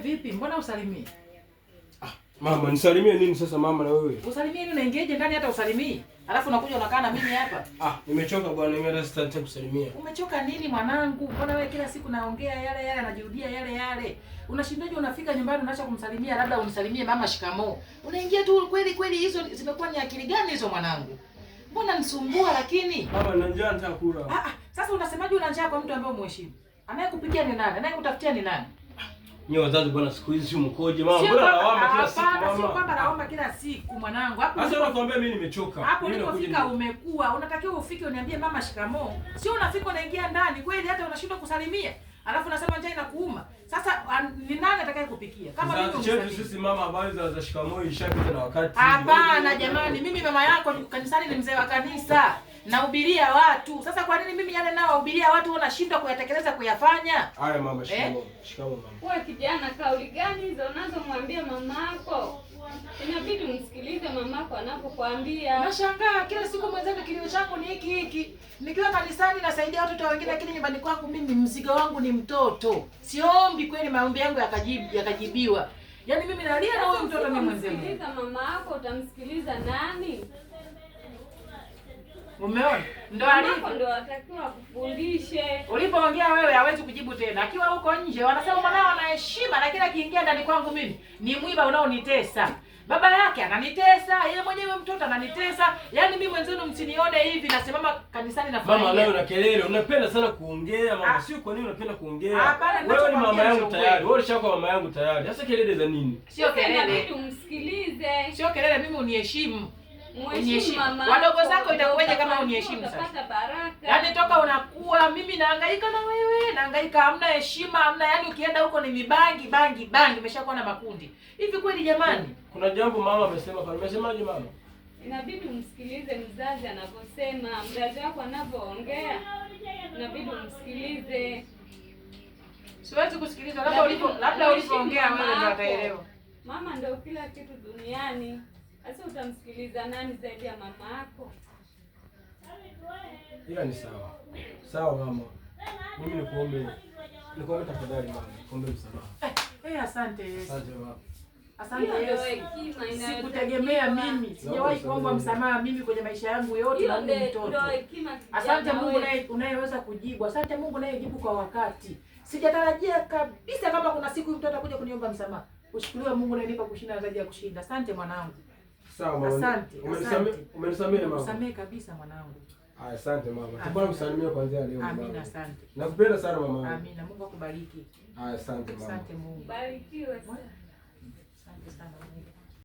vipi? Mbona usalimii? Ah, mama nisalimie nini sasa mama na wewe? Usalimie nini unaingeje ndani hata usalimii? Alafu unakuja unakaa na mimi hapa. Ah, nimechoka bwana, mimi hata sitaki kusalimia. Umechoka nini mwanangu? Mbona wewe kila siku naongea yale yale anajirudia yale yale. Unashindaje unafika nyumbani unaacha kumsalimia labda umsalimie mama shikamoo. Unaingia tu kweli kweli hizo zimekuwa ni akili gani hizo mwanangu? Mbona nisumbua lakini? Mama na njaa nitakula. Ah, ah, sasa unasemaje una njaa kwa mtu ambaye umheshimu? Anayekupikia ni nani? Anayekutafutia ni nani? Nyewe wazazi bwana, siku hizi umkoje mama? Mbona lawama kila siku mama? Sio kwamba lawama kila siku mwanangu. Hapo sasa unakuambia mimi nimechoka. Hapo ulipofika umekuwa, unatakiwa ufike uniambie mama shikamoo. Sio unafika unaingia ndani kweli hata unashindwa kusalimia. Alafu unasema njaa inakuuma. Sasa ni nani atakayekupikia? Kama mimi chetu sisi mama ambaye za za shikamoo ishapita na wakati. Hapana jamani, mimi mama yako kanisani ni mzee wa kanisa nahubiria watu. Sasa kwa nini mimi yale nawahubiria watu nashindwa kuyatekeleza kuyafanya? Haya mama, eh? shikamoo. Shikamoo mama. Wewe kijana, kauli gani hizo unazomwambia mamako? Inabidi umsikilize mamako anapokuambia. Nashangaa kila siku mwenzangu, kilio changu ni hiki hiki. Nikiwa kanisani nasaidia watoto wengine, lakini nyumbani kwangu mimi mzigo wangu ni mtoto. Siombi kweli, maombi yangu yakajibu yakajibiwa. Yaani mimi nalia na huyo mtoto ni mwenzangu. Mama yako utamsikiliza nani? Umeona? Ndio alipo ndio atakiwa kufundishe. Ulipoongea wewe hawezi kujibu tena. Akiwa huko nje wanasema mwanao ana heshima na kila kiingia ndani kwangu mimi ni mwiba unaonitesa. Baba yake ananitesa, yeye mwenyewe mtoto ananitesa. Yaani mimi mwenzenu msinione hivi nasimama kanisani na Mama leo na kelele, unapenda sana kuongea mama, ah. sio kwa nini unapenda kuongea? wewe ni mama yangu tayari. Wewe ulishakuwa mama yangu tayari. Sasa kelele za nini? Sio kelele. Msikilize. Sio kelele, mimi uniheshimu wadogo zako itakuwaje kama uniheshimu sasa? Yaani toka unakuwa mimi naangaika na wewe, naangaika hamna heshima, hamna yaani, ukienda huko ni mibangi bangi bangi, umeshakuwa na makundi hivi kweli jamani? Kuna jambo mama amesema kwa nimesemaje mama? Inabidi umsikilize mzazi anavyosema, mzazi wako anavyoongea, inabidi umsikilize. Siwezi kusikiliza, labda ulipo, labda ulipoongea wewe ndio ataelewa. Mama ndio kila kitu duniani. Sasa utamsikiliza nani zaidi ya mama yako? Ila ni sawa sawa, mama. Mimi nikuombe, nikuombe tafadhali mama, nikuombe msamaha. Eh, asante Asante baba. Asante Yesu. Sikutegemea mimi. Sijawahi kuomba msamaha mimi kwenye maisha yangu yote na mimi mtoto. Asante Mungu naye unayeweza kujibu. Asante Mungu unayejibu kwa wakati. Sijatarajia kabisa kama kuna siku mtoto atakuja kuniomba msamaha. Ushukuriwe Mungu unayenipa kushinda na zaidi ya kushinda. Asante mwanangu. Sawa mama. Asante. Umenisamehe mama. Umenisamehe kabisa mwanangu. Haya, asante mama. Tupana msalimie kuanzia leo. Amina, asante. Nakupenda sana mama. Amina, Mungu akubariki. Haya, asante mama. Asante Mungu. Barikiwe Asante sana Mungu.